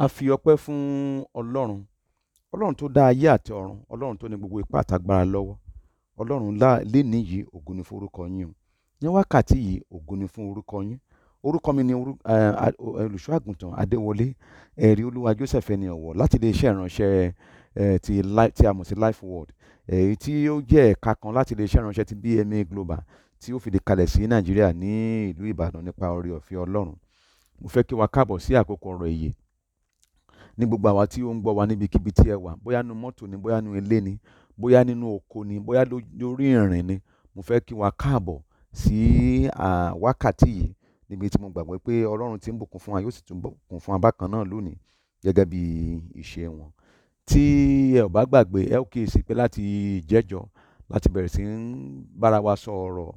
a fi ọpẹ́ fún ọlọ́run ọlọ́run tó dá ayé àti ọ̀run ọlọ́run tó ní gbogbo ipá àtagbára lọ́wọ́ ọlọ́run léni yìí ògo ni fún orúkọ yín o ní wákàtí yìí ògo ni fún orúkọ yín orúkọ mi ni olùṣọ́ àgùntàn adéwọlé ẹ̀rí olúwa joseph ẹni ọ̀wọ̀ láti iléeṣẹ́ ìránṣẹ́ ti a mọ̀ sí life world èyí tí ó jẹ́ ẹ̀ka kan láti iléeṣẹ́ ìránṣẹ́ ti bma global tí ó fìdí kalẹ̀ sí nàìjíríà ní ìlú ìbàdàn nípa oore ọ̀fẹ́ ọlọ́run mo fẹ́ kí wa káàbọ̀ sí àkókò ọ̀rọ̀ èyí ní gbogbo àwa tí ó ń gbọ́ wa níbikíbi tí ẹ wà bóyá nu mọ́tò ni bóyá nu ilé ni bóyá nínú oko ni bóyá lórí ìrìn ni mo fẹ́ kí wa káàbọ̀ sí wákàtí yìí níbi tí mo gbàgbọ́ pé ọlọ́run ti ń bùkún fún wa yóò sì tún bùkún fún wa bákan náà lónìí gẹ́gẹ́ bí ìṣe wọn tí ẹ ò bá gbàgbé ẹ ó kíyèsí pé láti ìjẹ́jọ́ láti bẹ̀rẹ̀ sí ń bára wa sọ ọ̀rọ̀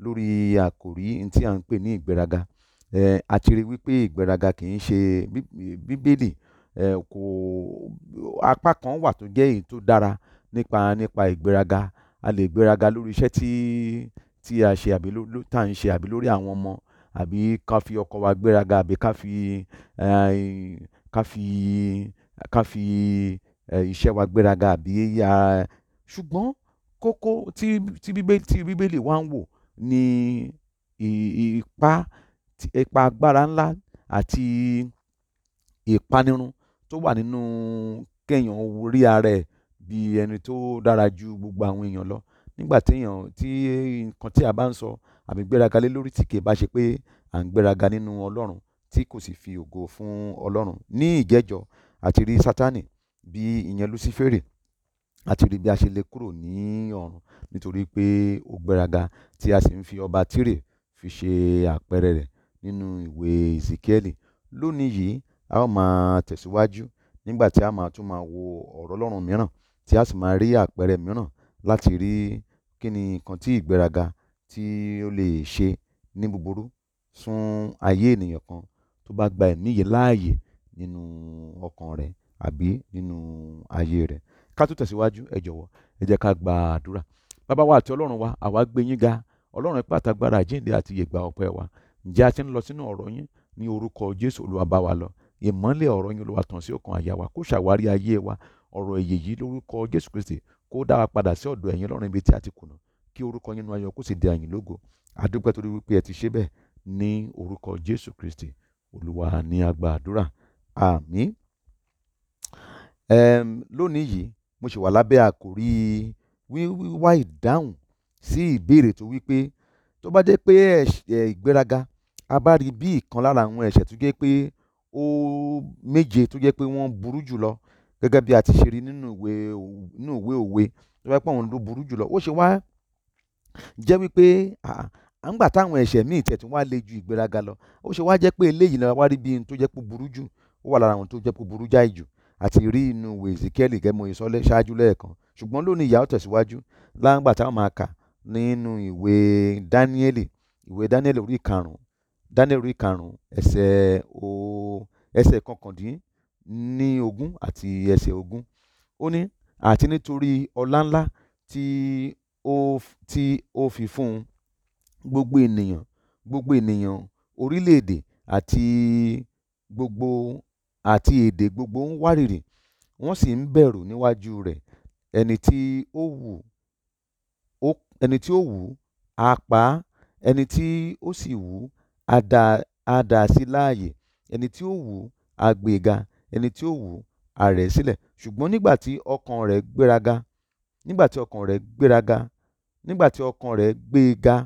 lórí àkòrí tí à ń pè ní ìgbéraga ẹ wípé ìgbéraga kì í ṣe bíbélì bí, bí, kò apá kan wà tó jẹ́ èyí tó dára nípa nípa ìgbéraga a lè gbéraga lórí iṣẹ́ tí tí a ṣe àbí tá à ń ṣe àbí lórí àwọn ọmọ àbí ká fi ọkọ wa gbéraga àbí ká fi ká fi ká fi iṣẹ́ wa gbéraga àbí ṣùgbọ́n kókó tí tí bíbélì tí ń wò ni ipa ipa agbára ńlá àti ìpanirun tó wà nínú kéèyàn rí ara ẹ̀ bí ẹni tó dára ju gbogbo àwọn èèyàn lọ nígbà téèyàn tí nǹkan tí a bá ń sọ àbí gbéraga lé lórí tí kì í bá ṣe pé à ń gbéraga nínú ọlọ́run tí kò sì fi ògo fún ọlọ́run ní ìjẹ́jọ́ àti rí sátánì bí ìyẹn lucifere àti rí bí a ṣe lè kúrò ní ọ̀run nítorí pé ó gbéraga tí a sì ń fi ọba tírè fi ṣe àpẹẹrẹ rẹ̀ nínú ìwé ezekiel lónìí yìí a ó máa tẹ̀síwájú nígbà tí a máa tún máa wo ọ̀rọ̀ Ọlọ́run mìíràn tí a sì máa rí àpẹẹrẹ mìíràn láti rí kí ni nǹkan tí ìgbéraga tí ó lè ṣe ní búburú fún ayé ènìyàn kan tó bá gba ẹ̀mí yìí láàyè nínú ọkàn rẹ̀ àbí nínú ayé rẹ̀ ká tó tẹ̀síwájú ẹ jọ̀wọ́ ẹ jẹ́ ká gba àdúrà bàbá wa àti ọlọ́run wa àwa gbé yín ga ọlọ́run ipá àtagbára àjíǹde àti ìyègbà ọpẹ́ wa ǹjẹ́ a ti ń lọ sínú ọ̀rọ̀ yín ní orúkọ jésù olúwa bá wa lọ ìmọ́lẹ̀ ọ̀rọ̀ yín olúwa tàn sí ọkàn àyà wa kó ṣàwárí ayé wa ọ̀rọ̀ èyí yìí lórúkọ jésù kristi kó dá wa padà sí ọ̀dọ̀ ẹ̀yin lọ́rùn ibi tí a ti kùnà kí orúkọ yín nu ayọ̀ kó sì di àyìn lógo àdúpẹ́ torí wípé ẹ ti ṣe bẹ́ẹ̀ ní orúkọ jésù kristi olúwa ní agba àdúrà àmín lónìí yìí mo ṣe wà lábẹ́ àkòrí wíwá ìdáhùn sí ìbéèrè tó wípé tó bá jẹ́ pé ìgbéraga a bá rí bí ìkan lára àwọn ẹ̀ṣẹ̀ tó jẹ́ pé ó méje tó jẹ́ pé wọ́n burú jùlọ gẹ́gẹ́ bí a ti ṣe rí nínú ìwé nínú ìwé òwe tó bá pẹ́ òun ló burú jùlọ ó ṣe wá jẹ́ wípé à ń gbà táwọn ẹ̀ṣẹ̀ míì tẹ̀tún wá le ju ìgbéraga lọ ó ṣe wá jẹ́ pé eléyìí náà wá rí bí n tó jẹ́ pé burú jù ó wà lára àwọn tó jẹ́ pé burú jáì jù àti rí inú ìwé Èzíkíẹ́lì gẹ́gẹ́ mo sọ ṣáájú lẹ́ẹ̀kan ṣùgbọ́n lónìí ìyà ó tẹ̀síwájú láǹgbà táwọn máa kà nínú ìwé Dáníẹ́lì ìwé Dáníẹ́lì orí karùn-ún daniel orí karùn-ún ẹsẹ̀ o ẹsẹ̀ kọkàndínní ogún àti ẹsẹ̀ ogún ó ní àti nítorí ọlá ńlá tí ó tí ó fi fún un gbogbo ènìyàn gbogbo ènìyàn orílẹ̀-èdè àti gbogbo àti èdè gbogbo ń wárìrì wọ́n sì ń bẹ̀rù níwájú rẹ̀ ẹni tí ó wù ó ẹni tí ó wù á pa á ẹni tí ó sì wù a dá a sí láàyè ẹni tí ó wù ú á gbé e ga ẹni tí ó wù ú á rẹ̀ ẹ́ sílẹ̀ ṣùgbọ́n nígbà tí ọkàn rẹ̀ gbéraga nígbà tí ọkàn rẹ̀ gbéraga nígbà tí ọkàn rẹ̀ gbé e ga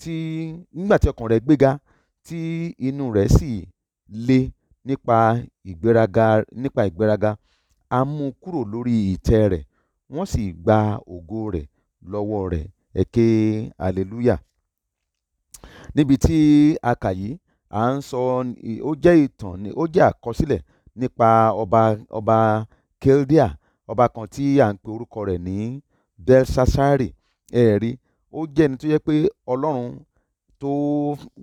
tí nígbà tí ọkàn rẹ̀ gbéga e tí inú rẹ̀ sì le nípa ìgbéraga nípa ìgbéraga á mú un kúrò lórí ìtẹ́ rẹ̀ wọ́n sì gba ògo rẹ̀ lọ́wọ́ rẹ̀ ẹ̀kẹ́ hallelujah níbi tí a kà yìí à ń sọ ó jẹ́ ìtàn ó jẹ́ àkọsílẹ̀ nípa ọba ọba Kildea ọba kan tí à ń pe orúkọ rẹ̀ ní Belshazzari ẹ̀rí ó jẹ́ ẹni tó yẹ pé ọlọ́run tó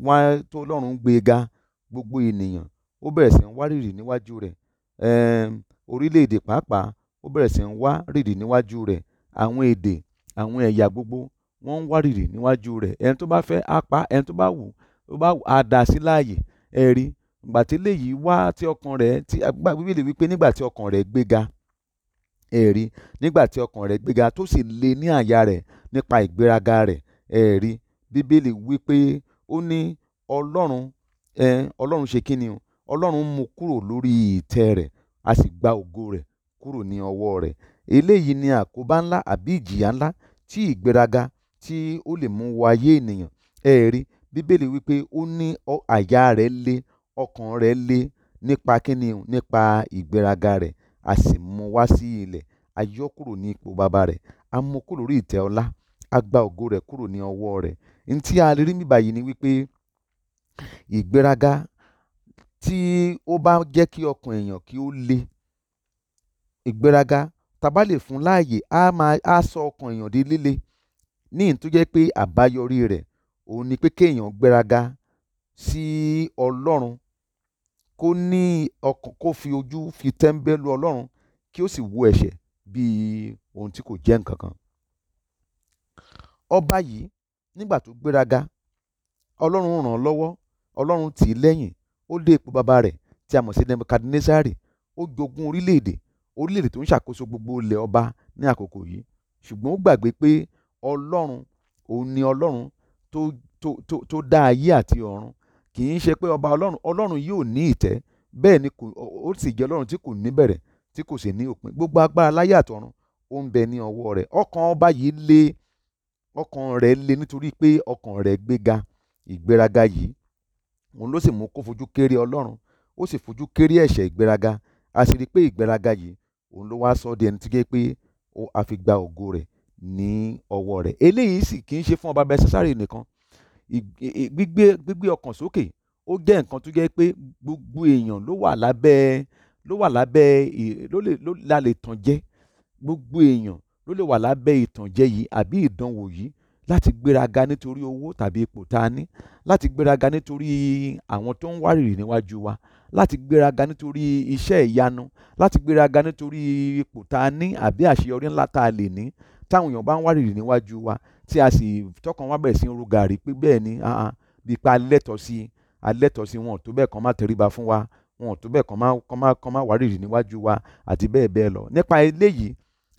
wá tó ọlọ́run gbé ga gbogbo ènìyàn ó bẹ̀rẹ̀ sí ń wárìrì níwájú rẹ̀ orílẹ̀-èdè pàápàá ó bẹ̀rẹ̀ sí ń wárìrì níwájú rẹ̀ àwọn èdè àwọn ẹ̀yà gbogbo wọ́n ń wárìrì níwájú rẹ̀ ẹni tó bá fẹ́ á pa ẹni tó bá wù tó bá wù á dá sí láàyè ẹ rí ìgbà tí eléyìí wá tí ọkàn rẹ̀ tí bíbélì wípé nígbà tí ọkàn rẹ̀ gbéga ẹ rí nígbà tí ọkàn rẹ̀ gbéga tó sì le ní àyà rẹ̀ nípa ìgbéraga rẹ̀ ẹ rí bíbélì wípé ó ní ọlọ́run ẹ ọlọ́run ṣe kí ni o ọlọ́run mú kúrò lórí ìtẹ́ rẹ̀ a sì gba ògo rẹ̀ kúrò ní ọwọ́ rẹ̀ eléyìí ni àkóbá ńlá àbí ìjìyà ńlá tí ìgbéraga tí ó lè mú wa yé ènìyàn. Ẹ rí, Bíbélì wípé ó ní àyà rẹ̀ le, ọkàn rẹ̀ le nípa kíni o, nípa ìgbéraga rẹ̀, a sì mú wá sí ilẹ̀, a yọ́ kúrò ní ipò baba rẹ̀, a mú kúrò lórí ìtẹ́ ọlá, a gba ògo rẹ̀ kúrò ní ọwọ́ rẹ̀. Ohun tí a lè rí níbí báyìí ni wípé ìgbéraga tí ó bá jẹ́ kí ọkàn èèyàn kí ó le, ìgbéraga ta lè fún láàyè, á máa, sọ ọkàn èèyàn di líle níhìn-ín pé àbáyọrí rẹ̀ òun ni pé kéèyàn gbéraga sí ọlọ́run kó ní ọkàn kó fi ojú fi tẹ́ńbẹ́lú ọlọ́run kí ó sì wo ẹ̀ṣẹ̀ bíi ohun tí kò jẹ́ nǹkan kan. ọba yìí nígbà tó gbéraga ọlọ́run ràn án lọ́wọ́ ọlọ́run tì í lẹ́yìn ó dé ipò bàbá rẹ̀ tí a mọ̀ sí nebukadnesari ó jogún orílẹ̀-èdè orílẹ̀-èdè tó ń ṣàkóso gbogbo ilẹ̀ ọba ní àkókò yìí ṣùgbọ́n ó gbàgbé pé ọlọ́run òun ni ọlọ́run tó tó tó tó dá ayé àti ọ̀run kì í ṣe pé ọba ọlọ́run ọlọ́run yóò ní ìtẹ́ bẹ́ẹ̀ ni kò ó sì jẹ́ ọlọ́run tí kò ní bẹ̀rẹ̀ tí kò sì ní òpin gbogbo agbára láyé àtọ̀run ó ń bẹ ní ọwọ́ rẹ̀ ọkàn ọba yìí le ọkàn rẹ̀ le nítorí pé ọkàn rẹ̀ gbéga ìgbéraga yìí òun ló sì mú kó fojú kéré ọlọ́run ó sì fojú kéré ẹ̀ṣẹ̀ ìgbéraga a sì rí pé ìgbéraga yìí òun ló wá sọ ọ́ di ẹni tí gé pé ó àfi gba ògo rẹ̀ ní ọwọ́ rẹ̀ eléyìí sì kì í ṣe fún ọba Bẹlisásárì nìkan gbígbé gbígbé ọkàn sókè ó jẹ́ nǹkan tó jẹ́ pé gbogbo èèyàn ló wà lábẹ́ ló wà lábẹ́ ló lè ló la lè tàn jẹ gbogbo èèyàn ló lè wà lábẹ́ ìtànjẹ yìí àbí ìdánwò yìí láti gbéraga nítorí owó tàbí ipò tá a ní láti gbéraga nítorí àwọn tó ń wárìrì níwájú wa láti gbéraga nítorí iṣẹ́ ìyanu láti gbéraga nítorí ipò tá a ní àbí àṣeyọrí ńlá tá a lè ní táwọn èèyàn bá ń wárìrì níwájú wa tí a sì tọkàn wá bẹ̀rẹ̀ sí ń ru gàrí pé bẹ́ẹ̀ ni ah, ah, bíi pé alẹ́tọ̀ sí alẹ́tọ̀ sí wọn tó bẹ́ẹ̀ kan má tẹríba fún wa wọn tó bẹ́ẹ̀ kan má kan má kan má wárìrì níwájú wa àti bẹ́ẹ̀ bẹ́ẹ̀ lọ nípa eléyìí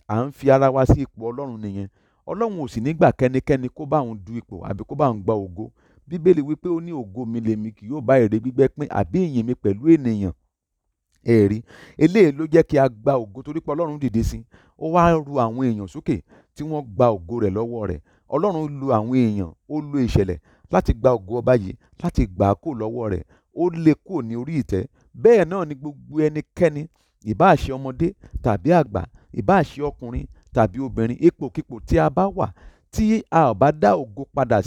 à ń fi ara wa sí ipò ọlọ́run nìyẹn ọlọ́run ò sì nígbà kẹ́nikẹ́ni kó bá òun du ipò àbí kó bá òun gba ògo bíbélì wípé ó ní ògo mi lèmi kì yóò bá ère gbígbẹ́ pín àbí ìyìn mi pẹ̀lú ènìyàn ẹ̀rí eléyìí ló jẹ́ kí a gba ògo torí ọlọ́run dìde sí ó wá ru àwọn èèyàn sókè tí wọ́n gba ògo rẹ̀ lọ́wọ́ rẹ̀ ọlọ́run lu àwọn èèyàn ó lu ìṣẹ̀lẹ̀ láti gba ògo ọba yìí láti gbà á kó lọ́wọ́ rẹ̀ ó lè kó ní orí ìtẹ́ bẹ́ẹ̀ náà ni gbogbo ẹnikẹ́ni ìbáà ṣe ọmọdé tàbí àgbà ìbáà ṣe ọkùnrin tàbí obìnrin ipòkípò tí a bá wà tí a ò bá dá ògo padà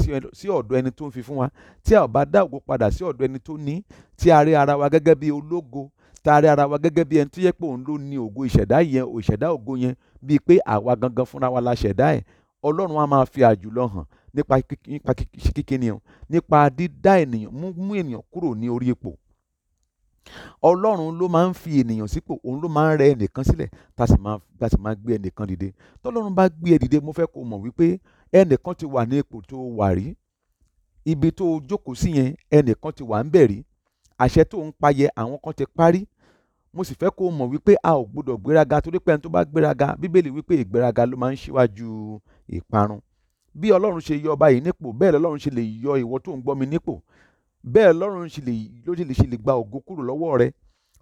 sí ọ̀dọ̀ ẹni tó ń fi fún wa tí a ò bá dá ògo padà sí ọ̀dọ̀ ẹni tó ní tí a rí ara wa gẹ́gẹ́ bí ológo taari ara wa gẹ́gẹ́ bí ẹni tó yẹ pé òun ló ní ògo ìṣẹ̀dá yẹn ìṣẹ̀dá ògo yẹn bíi pé àwa gangan fúnra wa la ṣẹ̀dá ẹ̀ ọlọ́run á máa fi àjùlọ hàn nípa nípa kíkíni o nípa dídá ènìyàn mú mú ènìyàn kúrò ní orí ipò ọlọ́run ló máa ń fi ènìyàn sípò òun ló máa ń rẹ ẹnìkan sílẹ̀ tá sì máa tá sì máa gbé ẹnìkan dìde tọ́lọ́run bá gbé ẹ dìde mo fẹ́ kó mọ̀ wípé ẹnìkan ti wà ní ipò tó wà rí ibi tó jókòó sí yẹn ẹnìkan ti wà ń bẹ̀ rí àṣẹ tó ń payẹ àwọn kan ti parí mo sì fẹ́ kó mọ̀ wípé a ò gbọ́dọ̀ gbéraga torí pé ẹni tó bá gbéraga bíbélì wípé ìgbéraga ló máa ń ṣíwájú ìparun bí ọlọ́run ṣe yọ ọba yìí nípò bẹ́ẹ̀ lọ́run ṣe lè yọ ìwọ tó ń gbọ́ mi nípò bẹ́ẹ̀ lọ́run ṣe lè ló ṣe lè gba ògo kúrò lọ́wọ́ rẹ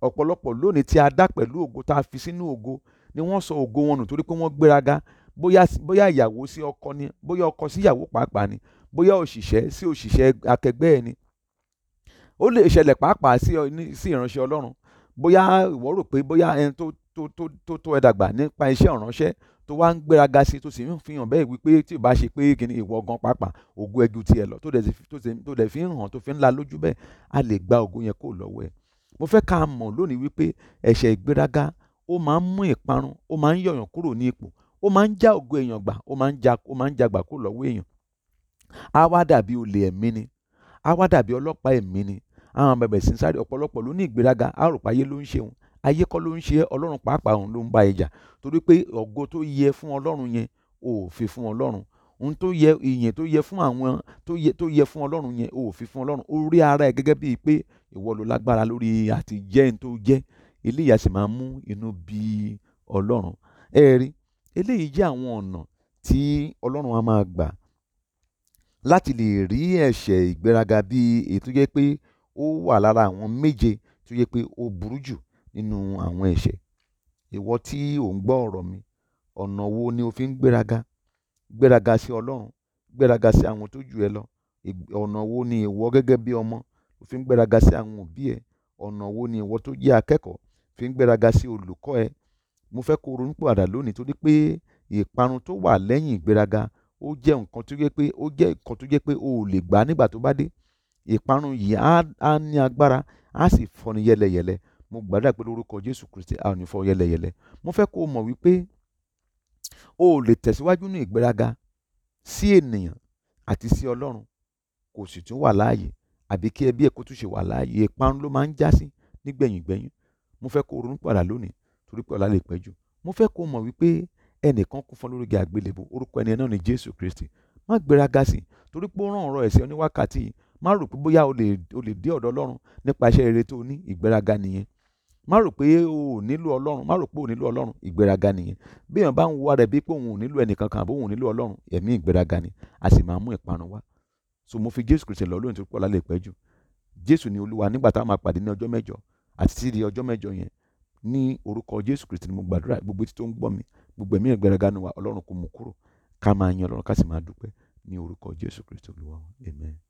ọ̀pọ̀lọpọ̀ lónìí tí a dá pẹ̀lú ògo tá a fi sínú ògo ni wọ́n sọ ògo wọn nù torí pé wọ́n gbéraga bóyá ìyàwó sí ọkọ ni bóyá ọkọ sí ìyàwó pàápàá ni bóyá òṣìṣẹ́ sí òṣìṣẹ́ akẹgbẹ́ ẹ ó lè ṣẹlẹ̀ pàápàá sí ìránṣẹ́ ọlọ́run bóyá ìwọ rò pé bóyá ẹni tó tó tó tó tó ẹ dàgbà nípa iṣẹ́ ọ̀ránṣẹ́ tó wá ń gbéraga sí tó sì ń fi hàn bẹ́ẹ̀ wípé tí ò bá ṣe pé kìíní ìwọ gan pàápàá ògo ẹjú tiẹ̀ lọ tó dẹ̀ fi ń hàn tó fi ń la lójú bẹ́ẹ̀ a lè gba ògo yẹn kó lọ́wọ́ ẹ̀ mo fẹ́ ká mọ̀ lónìí wípé ẹ̀ṣẹ̀ ìgbéraga ó máa ń mú ìparun ó máa ń yọ̀yàn kúrò ní ipò ó máa ń já ògo èèyàn gbà ó máa ń ja ó máa ń jagbà kó lọ́wọ́ èèyàn á wá dàbí olè ẹ̀mí ni á wá dàbí ọlọ́pàá ẹ̀mí ni àwọn bẹ̀bẹ̀ sí ń sáré ọ̀pọ̀lọpọ̀ ló ní ìgbéraga àròpọ̀ ayé ló ń ṣe òun ayé kọ́ ló ń ṣe ọlọ́run pàápàá òun ló ń bá ìjà torí pé ògo tó yẹ fún ọlọ́run yẹn ò fi fún ọlọ́run ohun tó yẹ ìyẹn tó yẹ fún àwọn tó yẹ tó yẹ fún ọlọ́run yẹn ò fi fún ọlọ́run ó rí ara ẹ̀ gẹ́gẹ́ bíi pé ìwọ ló lágbára lórí àti jẹ́ ní tó jẹ́ eléyìí a sì máa mú inú bí ọlọ́run ẹ rí eléyìí jẹ́ àwọn ọ̀nà tí ọlọ́run á máa gbà láti lè rí ẹ̀ṣẹ̀ ìgbéraga bíi ètò jẹ́ pé ó wà lára àwọn méje tí yẹ pé ó burú jù nínú àwọn ẹ̀ṣẹ̀ ìwọ tí ò ń gbọ́ ọ̀rọ̀ mi ọ̀nà wo ni o fi ń gbéraga gbéraga sí ọlọ́run gbéraga sí àwọn tó jù ẹ lọ ọ̀nà wo ni ìwọ gẹ́gẹ́ bí ọmọ o fi ń gbéraga sí àwọn òbí ẹ ọ̀nà wo ni ìwọ tó jẹ́ akẹ́kọ̀ọ́ fi ń gbéraga sí olùkọ́ ẹ mo fẹ́ kó ronú pàdà lónìí torí pé ìparun tó wà lẹ́yìn ìgbéraga ó jẹ́ nǹkan tó jẹ́ pé ó jẹ́ nǹkan tó jẹ́ pé o ò lè gbà nígbà tó bá dé ìparun yìí á á ní agbára á sì fọ́ni yẹ́lẹyẹ̀lẹ mo gbàdúrà pé lórúkọ Jésù Kristi a ò ní fọ́ yẹ́lẹyẹ̀lẹ mo fẹ́ kó o mọ̀ wípé o ò lè tẹ̀síwájú ní ìgbéraga sí ènìyàn àti sí Ọlọ́run kò sì tún wà láàyè àbí kí ẹbí ẹ kó tún ṣe wà láàyè ìparun ló máa ń já sí nígbẹ̀yìngbẹ̀yìn mo fẹ́ kó o ronú padà lónìí torí pé ọ̀la lè pẹ́ jù mo fẹ́ kó o mọ̀ wípé ẹnìkan kú fún lórí àgbélébùú orúkọ ẹni náà ni Jésù Kristi má gbéraga sí torí pé ó rán ọ̀rọ̀ ẹ̀sìn oníwákàtí yìí má rò pé bóyá o lè o lè dé ọ̀dọ̀ ọlọ́run nípa iṣẹ́ rere tó ní ìgbéraga nìyẹn má rò pé o ò nílò ọlọ́run má rò pé o nílò ọlọ́run ìgbéraga nìyẹn bí èèyàn bá ń wo ara ẹ̀ bí pé òun ò nílò ẹnìkankan àbí òun ò nílò ọlọ́run ẹ̀mí ìgbéraga ni a sì máa mú ìparun wá so mo fi jésù kristi lọ lóyún tó pọ̀ lálẹ́ ìpẹ́jù jésù ni olúwa nígbà tá a máa pàdé ní ọjọ́ mẹ́jọ àti títí di ọjọ́ mẹ́jọ yẹn ní orúkọ jésù kristi ni mo gbàdúrà gbogbo tí tó ń gbọ́ mi gbogbo ẹ̀mí ìgbéraga nu wa ọlọ́run kò mú kúrò ká máa yan ọlọ́run ká sì máa dúpẹ́ ní orúkọ jésù kristi olúwa amen.